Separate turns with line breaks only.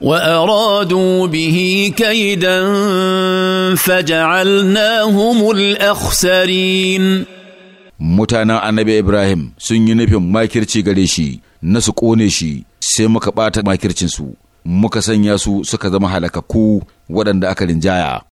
وارادوا به كيدا
فجعلناهم الاخسرين mutanen annabi ibrahim sun yi nufin makirci gare shi na su ƙone shi sai muka ɓata makircinsu muka sanya su suka zama halakakku waɗanda aka rinjaya